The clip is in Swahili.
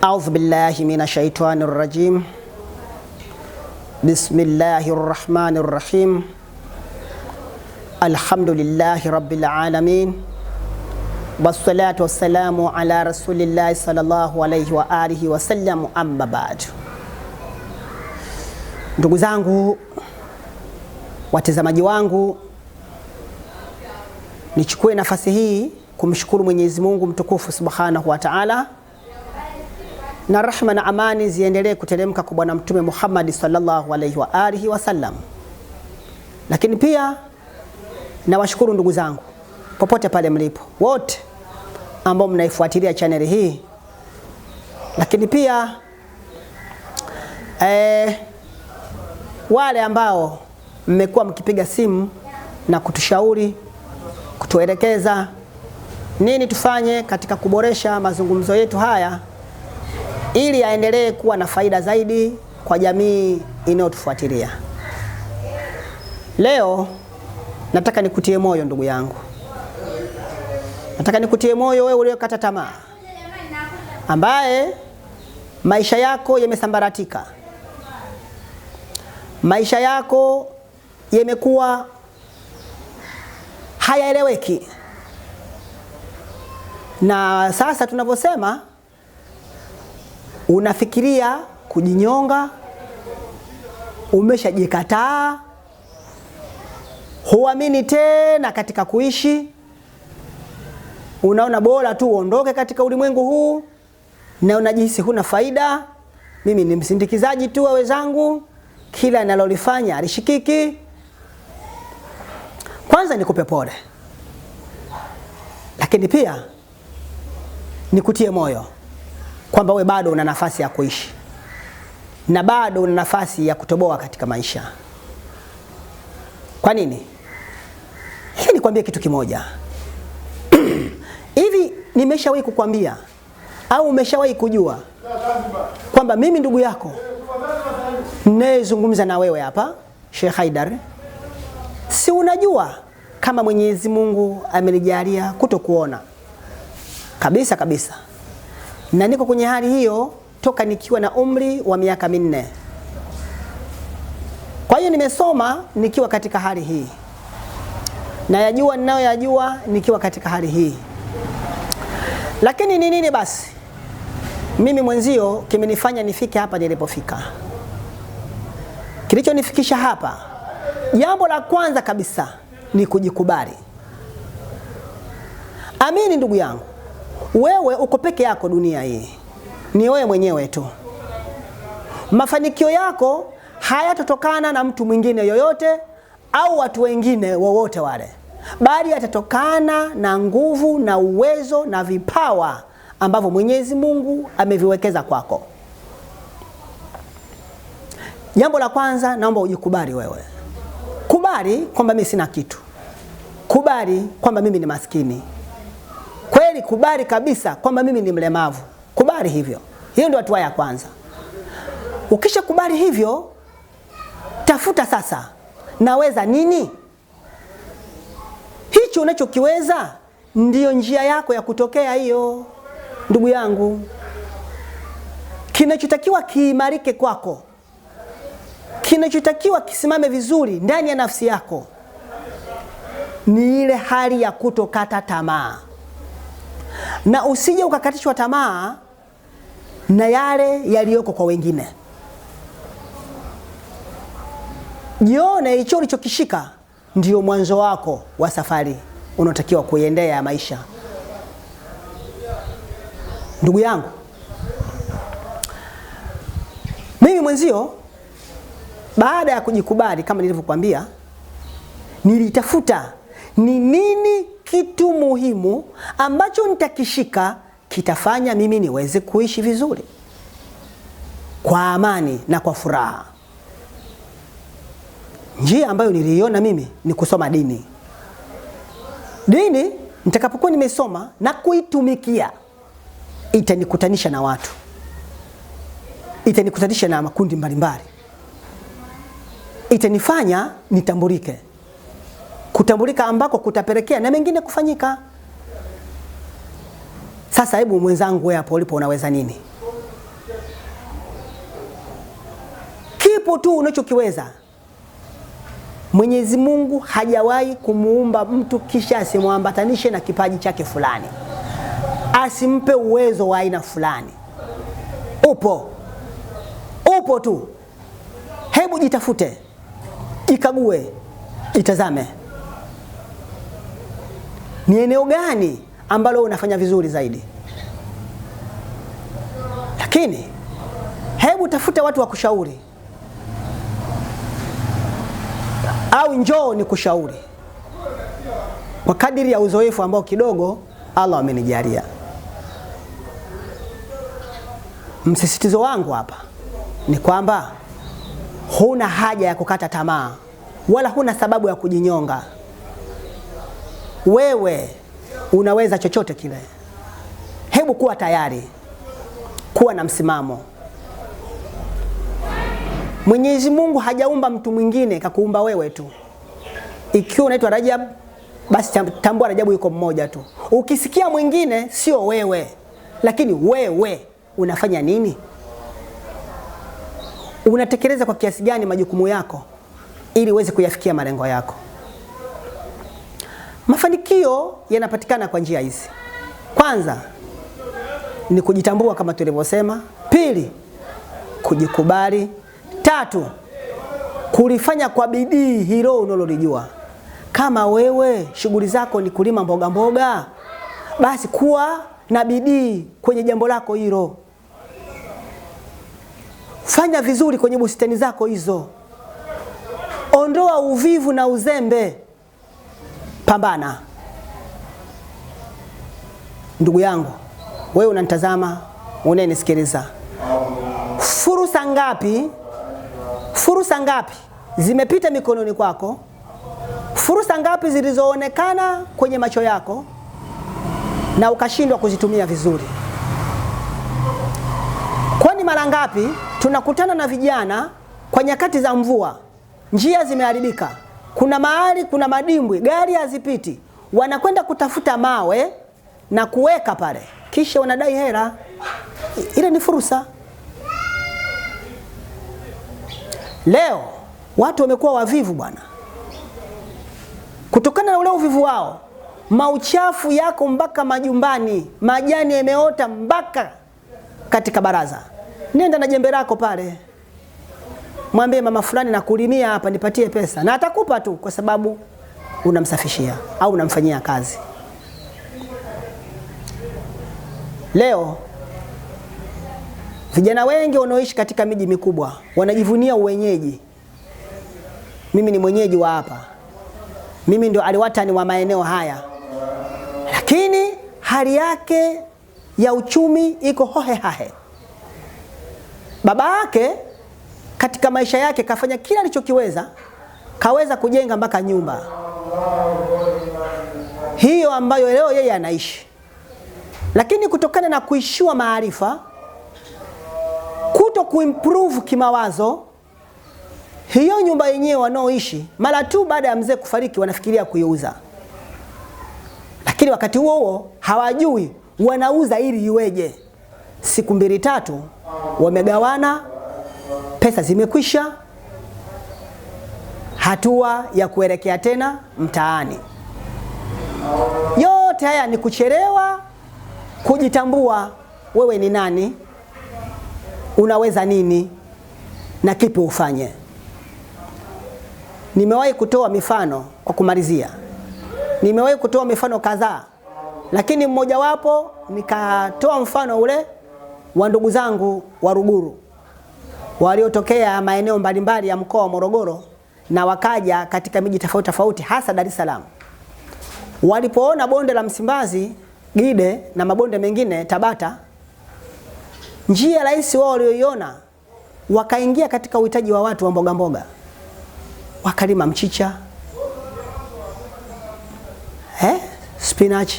Audhu billahi min shaitani rajim. Bismillahi rahmani rahim. Alhamdulillahi rabbil alamin wassalatu wassalamu ala rasulillahi sallallahu alayhi wa alihi wasallam, amma baadu. Ndugu zangu watazamaji wangu, nichukue nafasi hii kumshukuru Mwenyezi Mungu mtukufu subhanahu wa taala na rahma na amani ziendelee kuteremka kwa Bwana Mtume Muhammad sallallahu alaihi wa alihi wasallam. Lakini pia nawashukuru ndugu zangu popote pale mlipo wote ambao mnaifuatilia chaneli hii, lakini pia eh, wale ambao mmekuwa mkipiga simu na kutushauri, kutuelekeza nini tufanye katika kuboresha mazungumzo yetu haya ili aendelee kuwa na faida zaidi kwa jamii inayotufuatilia. Leo nataka nikutie moyo ndugu yangu, nataka nikutie moyo wewe uliyokata tamaa, ambaye maisha yako yamesambaratika, maisha yako yamekuwa hayaeleweki, na sasa tunavyosema unafikiria kujinyonga, umeshajikataa, huamini tena katika kuishi, unaona bora tu uondoke katika ulimwengu huu na unajihisi huna faida. Mimi ni msindikizaji tu wa wenzangu, kila ninalolifanya alishikiki. Kwanza nikupe pole, lakini pia nikutie moyo kwamba we bado una nafasi ya kuishi na bado una nafasi ya kutoboa katika maisha. Kwa nini? hii nikwambie kitu kimoja hivi nimeshawahi kukwambia au umeshawahi kujua kwamba mimi ndugu yako ninayezungumza na wewe hapa Sheikh Haidar, si unajua kama Mwenyezi Mungu amenijalia kutokuona kabisa kabisa na niko kwenye hali hiyo toka nikiwa na umri wa miaka minne. Kwa hiyo nimesoma nikiwa katika hali hii na yajua ninayoyajua nikiwa katika hali hii, lakini ni nini basi mimi mwenzio kimenifanya nifike hapa nilipofika? Kilichonifikisha hapa, jambo la kwanza kabisa ni kujikubali. Amini ndugu yangu, wewe uko peke yako dunia hii, ni wewe mwenyewe tu. Mafanikio yako hayatotokana na mtu mwingine yoyote au watu wengine wowote wale, bali yatatokana na nguvu na uwezo na vipawa ambavyo Mwenyezi Mungu ameviwekeza kwako. Jambo la kwanza, naomba ujikubali wewe. Kubali kwamba mimi sina kitu, kubali kwamba mimi ni maskini kweli, kubali kabisa kwamba mimi ni mlemavu. Kubali hivyo, hiyo ndio hatua ya kwanza. Ukisha kubali hivyo, tafuta sasa, naweza nini? Hicho unachokiweza ndiyo njia yako ya kutokea hiyo, ndugu yangu. Kinachotakiwa kiimarike kwako, kinachotakiwa kisimame vizuri ndani ya nafsi yako ni ile hali ya kutokata tamaa na usije ukakatishwa tamaa na yale yaliyoko kwa wengine. Jione hicho ulichokishika ndio mwanzo wako wa safari unaotakiwa kuiendea ya maisha. Ndugu yangu, mimi mwenzio, baada ya kujikubali kama nilivyokuambia, nilitafuta ni nini kitu muhimu ambacho nitakishika kitafanya mimi niweze kuishi vizuri kwa amani na kwa furaha. Njia ambayo niliiona mimi ni kusoma dini. Dini nitakapokuwa nimesoma na kuitumikia, itanikutanisha na watu, itanikutanisha na makundi mbalimbali, itanifanya nitambulike kutambulika ambako kutapelekea na mengine kufanyika. Sasa hebu mwenzangu, wewe hapo ulipo unaweza nini? Kipo tu unachokiweza. Mwenyezi Mungu hajawahi kumuumba mtu kisha asimwambatanishe na kipaji chake fulani, asimpe uwezo wa aina fulani. Upo, upo tu. Hebu jitafute, jikague, jitazame ni eneo gani ambalo unafanya vizuri zaidi. Lakini hebu tafuta watu wa kushauri, au njoo ni kushauri kwa kadiri ya uzoefu ambao kidogo Allah amenijalia. Msisitizo wangu hapa ni kwamba huna haja ya kukata tamaa wala huna sababu ya kujinyonga. Wewe unaweza chochote kile. Hebu kuwa tayari, kuwa na msimamo. Mwenyezi Mungu hajaumba mtu mwingine, kakuumba wewe tu. Ikiwa unaitwa Rajab, basi tambua Rajabu yuko mmoja tu. Ukisikia mwingine, sio wewe, lakini wewe unafanya nini? Unatekeleza kwa kiasi gani majukumu yako ili uweze kuyafikia malengo yako? Mafanikio yanapatikana kwa njia hizi. Kwanza ni kujitambua kama tulivyosema, pili kujikubali, tatu kulifanya kwa bidii hilo unalolijua. Kama wewe shughuli zako ni kulima mboga mboga, basi kuwa na bidii kwenye jambo lako hilo. Fanya vizuri kwenye bustani zako hizo. Ondoa uvivu na uzembe pambana. Ndugu yangu, wewe unanitazama, unanisikiliza, fursa ngapi, fursa ngapi zimepita mikononi kwako? Fursa ngapi zilizoonekana kwenye macho yako na ukashindwa kuzitumia vizuri? Kwani mara ngapi tunakutana na vijana kwa nyakati za mvua, njia zimeharibika kuna mahali kuna madimbwi gari hazipiti, wanakwenda kutafuta mawe na kuweka pale, kisha wanadai hela. Ile ni fursa. Leo watu wamekuwa wavivu bwana, kutokana na ule uvivu wao, mauchafu yako mpaka majumbani, majani yameota mpaka katika baraza. Nenda na jembe lako pale mwambie mama fulani nakulimia hapa, nipatie pesa, na atakupa tu, kwa sababu unamsafishia au unamfanyia kazi. Leo vijana wengi wanaoishi katika miji mikubwa wanajivunia uwenyeji. Mimi ni mwenyeji wa hapa, mimi ndio aliwatani wa maeneo haya, lakini hali yake ya uchumi iko hohehahe. Baba yake katika maisha yake kafanya kila alichokiweza, kaweza kujenga mpaka nyumba hiyo ambayo leo yeye anaishi, lakini kutokana na kuishiwa maarifa, kuto kuimprove kimawazo, hiyo nyumba yenyewe wanaoishi, mara tu baada ya mzee kufariki, wanafikiria kuiuza, lakini wakati huo huo hawajui wanauza ili iweje. Siku mbili tatu wamegawana pesa zimekwisha, hatua ya kuelekea tena mtaani. Yote haya ni kuchelewa kujitambua, wewe ni nani, unaweza nini na kipi ufanye. Nimewahi kutoa mifano kwa kumalizia, nimewahi kutoa mifano kadhaa, lakini mmojawapo nikatoa mfano ule wa ndugu zangu wa Ruguru waliotokea maeneo mbalimbali ya mkoa wa Morogoro na wakaja katika miji tofauti tofauti hasa Dar es Salaam. Walipoona bonde la Msimbazi, Gide na mabonde mengine Tabata, njia rahisi wao walioiona, wakaingia katika uhitaji wa watu wa mboga mboga, wakalima mchicha eh, spinach